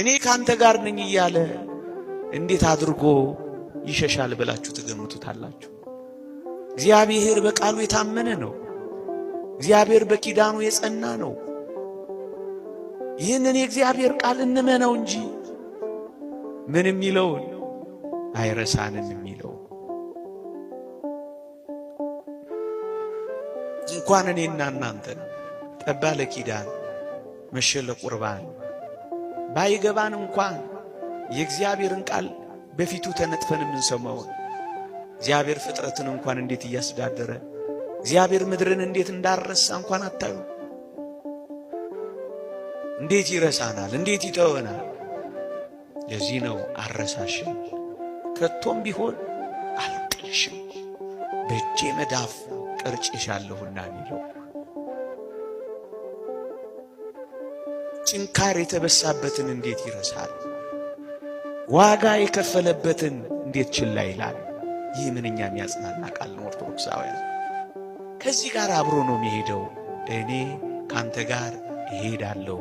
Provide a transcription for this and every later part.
እኔ ካንተ ጋር ነኝ እያለ እንዴት አድርጎ ይሸሻል ብላችሁ ትገምቱታላችሁ? እግዚአብሔር በቃሉ የታመነ ነው። እግዚአብሔር በኪዳኑ የጸና ነው። ይህንን የእግዚአብሔር ቃል እንመነው እንጂ ምን የሚለውን አይረሳንም የሚለው እንኳን እኔና እናንተ ጠባለ ኪዳን መሸለ ቁርባን ባይገባን እንኳን የእግዚአብሔርን ቃል በፊቱ ተነጥፈን የምንሰማው እግዚአብሔር ፍጥረትን እንኳን እንዴት እያስተዳደረ እግዚአብሔር ምድርን እንዴት እንዳረሳ እንኳን አታዩ። እንዴት ይረሳናል? እንዴት ይተወናል? ለዚህ ነው አረሳሽም፣ ከቶም ቢሆን አልጥልሽም፣ በእጄ መዳፍ ቅርጭሻለሁና ሚለው ጭንካር የተበሳበትን እንዴት ይረሳል? ዋጋ የከፈለበትን እንዴት ችላ ይላል? ይህ ምንኛ የሚያጽናና ቃል ነው። ኦርቶዶክሳውያን ከዚህ ጋር አብሮ ነው የሚሄደው። እኔ ካንተ ጋር እሄዳለሁ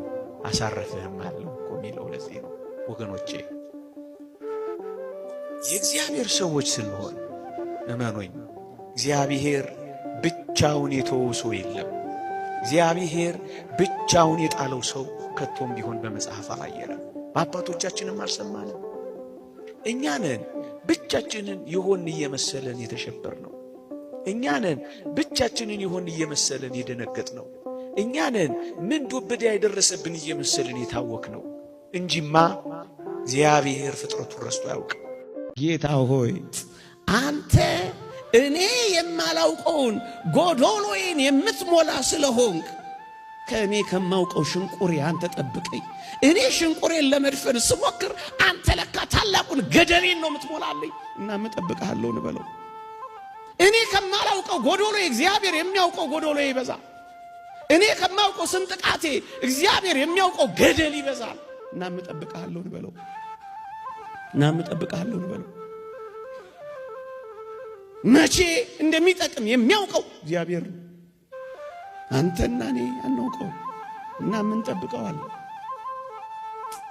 አሳረፍህም አለው እኮ የሚለው ለዚህ ነው ወገኖቼ። የእግዚአብሔር ሰዎች ስንሆን እመኖኝ፣ እግዚአብሔር ብቻውን የተወው የለም። እግዚአብሔር ብቻውን የጣለው ሰው ከቶም ቢሆን በመጽሐፍ አላየረም፣ በአባቶቻችንም አልሰማንም። እኛንን ብቻችንን የሆን እየመሰለን የተሸበር ነው። እኛንን ብቻችንን ይሆን እየመሰለን የደነገጥ ነው። እኛንን ምን ዱብዳ የደረሰብን እየመሰልን የታወክ ነው እንጂማ እግዚአብሔር ፍጥረቱን ረስቶ አያውቅም። ጌታ ሆይ አንተ እኔ የማላውቀውን ጎዶሎዬን የምትሞላ ስለሆንክ ከእኔ ከማውቀው ሽንቁሬ አንተ ጠብቀኝ። እኔ ሽንቁሬን ለመድፈን ስሞክር አንተ ለካ ታላቁን ገደሌን ነው የምትሞላለኝ እና ምጠብቀሃለሁ ንበለው። እኔ ከማላውቀው ጎዶሎ እግዚአብሔር የሚያውቀው ጎዶሎ ይበዛል። እኔ ከማውቀው ስንጥቃቴ እግዚአብሔር የሚያውቀው ገደል ይበዛል እና ምጠብቀሃለሁ ንበለው እና ምጠብቀሃለሁ ንበለው መቼ እንደሚጠቅም የሚያውቀው እግዚአብሔር ነው። አንተና እኔ አናውቀው እና ምን ጠብቀዋል?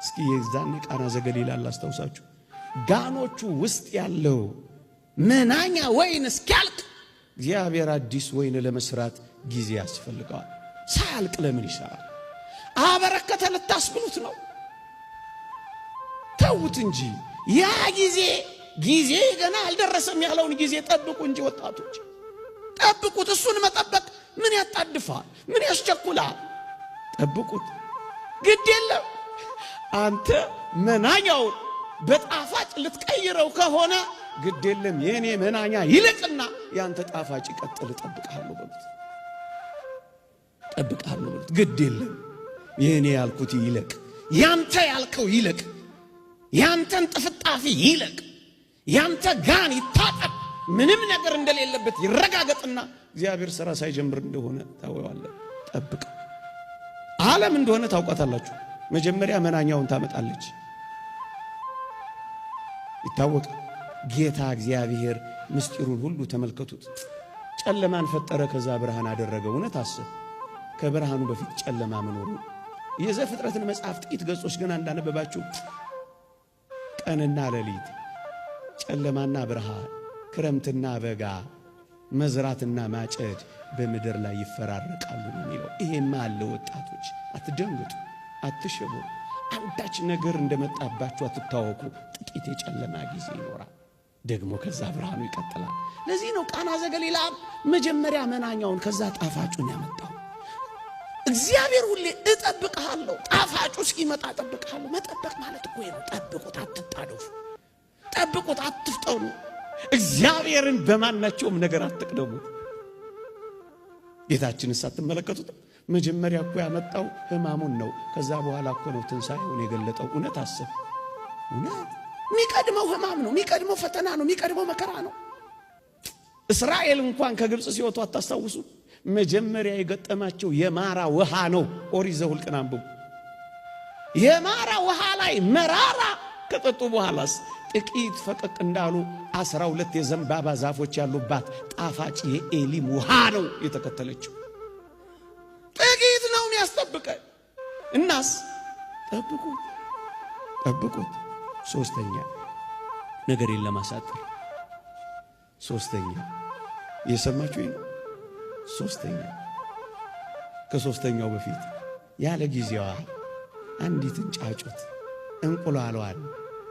እስኪ የዛን ቃና ዘገሊላ ላስታውሳችሁ። ጋኖቹ ውስጥ ያለው መናኛ ወይን እስኪያልቅ እግዚአብሔር አዲስ ወይን ለመስራት ጊዜ ያስፈልገዋል። ሳያልቅ ለምን ይሰራል? አበረከተ ልታስብሉት ነው። ተዉት እንጂ ያ ጊዜ ጊዜ ገና አልደረሰም ያለውን ጊዜ ጠብቁ እንጂ ወጣቶች ጠብቁት። እሱን መጠበቅ ምን ያጣድፋል? ምን ያስቸኩላል? ጠብቁት፣ ግድ የለም። አንተ መናኛው በጣፋጭ ልትቀይረው ከሆነ ግድ የለም፣ የእኔ መናኛ ይልቅና ያንተ ጣፋጭ ይቀጥል። እጠብቅሃለሁ በሉት፣ እጠብቅሃለሁ በሉት። ግድ የለም፣ የእኔ ያልኩት ይለቅ፣ ያንተ ያልከው ይለቅ፣ ያንተን ጥፍጣፊ ይለቅ። ያንተ ጋን ይታጠብ፣ ምንም ነገር እንደሌለበት ይረጋገጥና እግዚአብሔር ስራ ሳይጀምር እንደሆነ ታወዋለ። ጠብቅ። ዓለም እንደሆነ ታውቋታላችሁ መጀመሪያ መናኛውን ታመጣለች። ይታወቅ ጌታ እግዚአብሔር ምስጢሩን ሁሉ ተመልከቱት። ጨለማን ፈጠረ፣ ከዛ ብርሃን አደረገ። እውነት አስብ። ከብርሃኑ በፊት ጨለማ መኖሩ የዘፍጥረትን መጽሐፍ ጥቂት ገጾች ግን እንዳነበባችሁ ቀንና ሌሊት ጨለማና ብርሃን፣ ክረምትና በጋ፣ መዝራትና ማጨድ በምድር ላይ ይፈራረቃሉ ነው የሚለው። ይሄማ አለ ወጣቶች፣ አትደንግጡ፣ አትሸቡ። አንዳች ነገር እንደመጣባችሁ አትታወቁ። ጥቂት የጨለማ ጊዜ ይኖራል፣ ደግሞ ከዛ ብርሃኑ ይቀጥላል። ለዚህ ነው ቃና ዘገሊላ መጀመሪያ መናኛውን ከዛ ጣፋጩን ያመጣው። እግዚአብሔር ሁሌ እጠብቅሃለሁ፣ ጣፋጩ እስኪመጣ እጠብቅሃለሁ። መጠበቅ ማለት እኮ ነው። ጠብቁት፣ አትጣደፉ። ጠብቁት፣ አትፍጠኑ። እግዚአብሔርን በማናቸውም ነገር አትቅደሙ። ጌታችንስ አትመለከቱትም? መጀመሪያ እኮ ያመጣው ሕማሙን ነው። ከዛ በኋላ እኮ ነው ትንሣኤውን የገለጠው። እውነት አስብ። እውነት የሚቀድመው ሕማም ነው፣ የሚቀድመው ፈተና ነው፣ የሚቀድመው መከራ ነው። እስራኤል እንኳን ከግብፅ ሲወጡ አታስታውሱ? መጀመሪያ የገጠማቸው የማራ ውሃ ነው። ኦሪት ዘኍልቍን አንብቡ። የማራ ውሃ ላይ መራራ ከጠጡ በኋላስ ጥቂት ፈቀቅ እንዳሉ አስራ ሁለት የዘንባባ ዛፎች ያሉባት ጣፋጭ የኤሊም ውሃ ነው የተከተለችው። ጥቂት ነው ያስጠብቀ። እናስ ጠብቁት፣ ጠብቁት። ሶስተኛ ነገሬን ለማሳጠር ሶስተኛ እየሰማችሁ ነው። ሶስተኛ ከሶስተኛው በፊት ያለ ጊዜዋ አንዲትን ጫጩት እንቁላሏን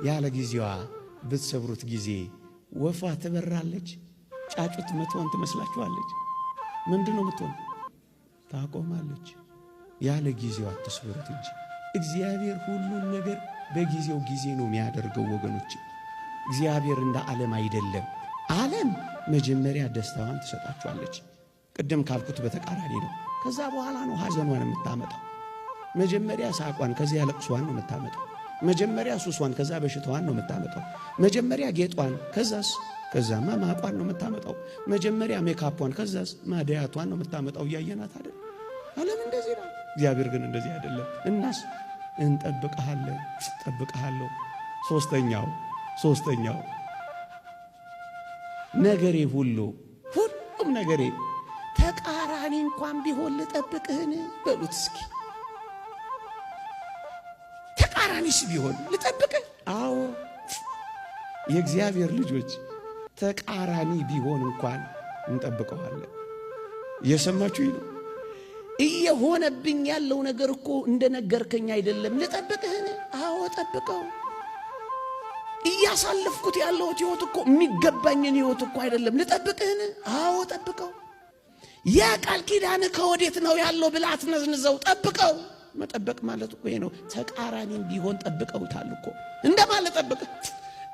ያለ ጊዜዋ ብትሰብሩት ጊዜ ወፏ ትበራለች፣ ጫጩት ምትሆን ትመስላችኋለች። ምንድን ነው ምትሆን? ታቆማለች። ያለ ጊዜው አትስብሩት እንጂ እግዚአብሔር ሁሉን ነገር በጊዜው ጊዜ ነው የሚያደርገው ወገኖች። እግዚአብሔር እንደ ዓለም አይደለም። ዓለም መጀመሪያ ደስታዋን ትሰጣችኋለች። ቅድም ካልኩት በተቃራኒ ነው። ከዛ በኋላ ነው ሐዘኗን የምታመጣው። መጀመሪያ ሳቋን፣ ከዚያ ለቅሷን ነው የምታመጣው። መጀመሪያ ሱሷን ከዛ በሽታዋን ነው የምታመጣው። መጀመሪያ ጌጧን ከዛስ ከዛማ ማቋን ነው የምታመጣው። መጀመሪያ ሜካፖን ከዛስ ማደያቷን ነው የምታመጣው። እያየናት አይደል? ዓለም እንደዚህ ነው። እግዚአብሔር ግን እንደዚህ አይደለም። እናስ እንጠብቀሃለን፣ ጠብቀሃለሁ። ሶስተኛው ሶስተኛው ነገሬ ሁሉ ሁሉም ነገሬ ተቃራኒ እንኳን ቢሆን ልጠብቅህን በሉት እስኪ ሕፃንሽ ቢሆን ልጠብቀ። አዎ የእግዚአብሔር ልጆች ተቃራኒ ቢሆን እንኳን እንጠብቀዋለን። እየሰማችሁ ነው። እየሆነብኝ ያለው ነገር እኮ ነገርከኝ አይደለም። ልጠብቅህን? አዎ ጠብቀው። እያሳለፍኩት ያለሁት ህይወት እኮ የሚገባኝን ህይወት እኮ አይደለም። ልጠብቅህን? አዎ ጠብቀው። ያ ቃል ኪዳን ከወዴት ነው ያለው ብላት ነዝንዘው ጠብቀው። መጠበቅ ማለት እኮ ይሄ ነው። ተቃራኒም ቢሆን ጠብቀውታል እኮ እንደማን ልጠብቅህ?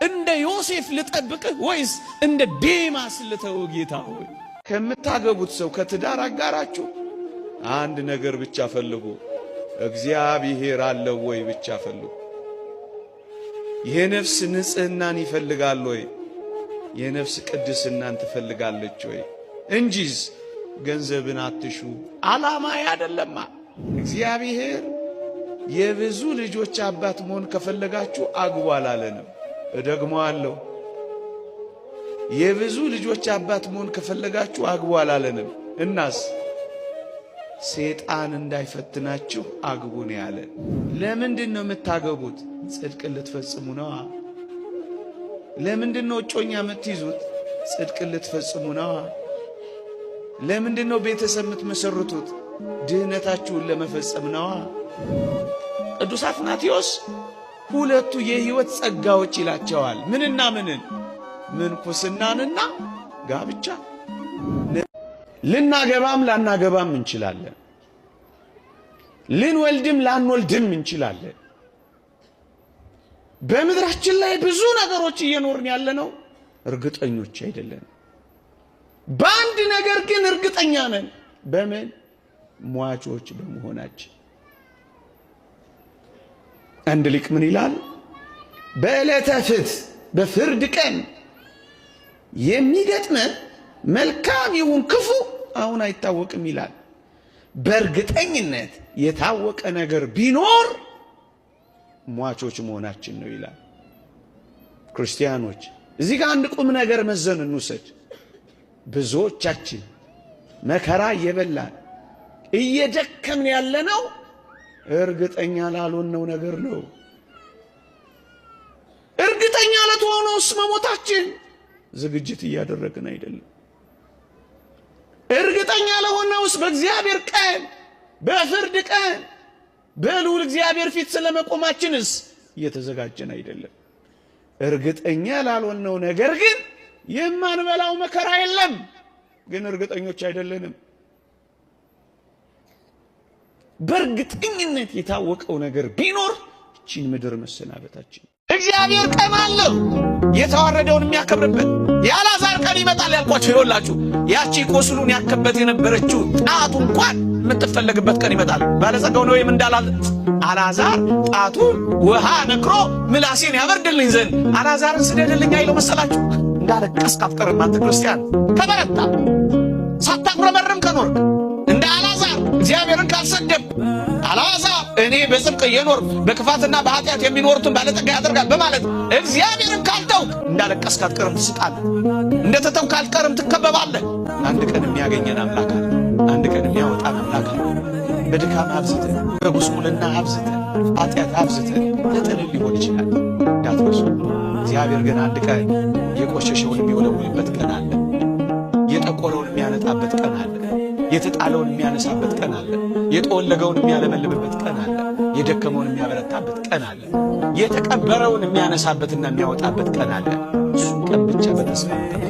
እንደ ዮሴፍ ልጠብቅ ወይስ እንደ ዴማስ ልተው? ጌታ ሆይ ከምታገቡት ሰው ከትዳር አጋራችሁ አንድ ነገር ብቻ ፈልጉ፣ እግዚአብሔር አለው ወይ ብቻ ፈልጉ። የነፍስ ንጽህናን ይፈልጋል ወይ? የነፍስ ቅድስናን ትፈልጋለች ወይ? እንጂዝ ገንዘብን አትሹ። ዓላማ አይደለማ። እግዚአብሔር የብዙ ልጆች አባት መሆን ከፈለጋችሁ አግቡ አላለንም። እደግመዋለሁ። የብዙ ልጆች አባት መሆን ከፈለጋችሁ አግቡ አላለንም። እናስ ሴጣን እንዳይፈትናችሁ አግቡ ነው ያለን። ለምንድን ነው የምታገቡት? ጽድቅን ልትፈጽሙ ነዋ። ለምንድን ነው እጮኛ የምትይዙት? ጽድቅን ልትፈጽሙ ነዋ። ለምንድን ነው ቤተሰብ የምትመሰርቱት? ድህነታችሁን ለመፈጸም ነዋ። ቅዱስ አትናቴዎስ ሁለቱ የሕይወት ጸጋዎች ይላቸዋል። ምንና ምንን? ምንኩስናንና ጋብቻ። ልናገባም ላናገባም እንችላለን። ልንወልድም ላንወልድም እንችላለን። በምድራችን ላይ ብዙ ነገሮች እየኖርን ያለነው እርግጠኞች አይደለን። በአንድ ነገር ግን እርግጠኛ ነን። በምን? ሟቾች በመሆናችን። አንድ ሊቅ ምን ይላል? በዕለተ ፍት በፍርድ ቀን የሚገጥመ መልካም ይሁን ክፉ አሁን አይታወቅም ይላል። በእርግጠኝነት የታወቀ ነገር ቢኖር ሟቾች መሆናችን ነው ይላል። ክርስቲያኖች እዚህ ጋር አንድ ቁም ነገር መዘን እንውሰድ። ብዙዎቻችን መከራ እየበላን እየደከምን ያለነው እርግጠኛ ላልሆነው ነገር ነው። እርግጠኛ ለተሆነውስ መሞታችን ዝግጅት እያደረግን አይደለም። እርግጠኛ ለሆነውስ በእግዚአብሔር ቀን፣ በፍርድ ቀን በልዑል እግዚአብሔር ፊት ስለመቆማችንስ እየተዘጋጀን አይደለም። እርግጠኛ ላልሆነው ነገር ግን የማንበላው መከራ የለም፣ ግን እርግጠኞች አይደለንም። በእርግጠኝነት የታወቀው ነገር ቢኖር ይችን ምድር መሰናበታችን። እግዚአብሔር ቀን አለው የተዋረደውን የሚያከብርበት። የአላዛር ቀን ይመጣል ያልኳቸው ይሆላችሁ። ያቺ ቁስሉን ያከበት የነበረችው ጣቱ እንኳን የምትፈለግበት ቀን ይመጣል። ባለጸጋው ነው እንዳላል አልዓዛር ጣቱ ውሃ ነክሮ ምላሴን ያበርድልኝ ዘንድ አልዓዛርን ስደድልኝ አይለው መሰላችሁ። እንዳለቀስክ አፍቀርም አንተ ክርስቲያን ከበረታ ሳታጉረመርም ከኖርክ እግዚአብሔርን ካልሰደብ አልዓዛ እኔ በጽድቅ እየኖር በክፋትና በኃጢአት የሚኖሩትን ባለጠጋ ያደርጋል በማለት እግዚአብሔርን ካልተውክ እንዳለቀስክ አትቀርም፣ ትስቃለህ። እንደተተው ካልቀርም ትከበባለህ። አንድ ቀን የሚያገኘን አምላክ አለ። አንድ ቀን የሚያወጣን አምላክ አለ። በድካም አብዝተን፣ በጉስቁልና አብዝተን፣ ኃጢአት አብዝተን ለጥልል ሊሆን ይችላል እንዳትረሱ። እግዚአብሔር ግን አንድ ቀን የቆሸሸውን የሚወለውልበት ቀን አለ። የጠቆረውን የሚያነጣበት ቀን አለ። የተጣለውን የሚያነሳበት ቀን አለ። የጠወለገውን የሚያለመልምበት ቀን አለ። የደከመውን የሚያበረታበት ቀን አለ። የተቀበረውን የሚያነሳበትና የሚያወጣበት ቀን አለ። እሱን ቀን ብቻ በተስፋ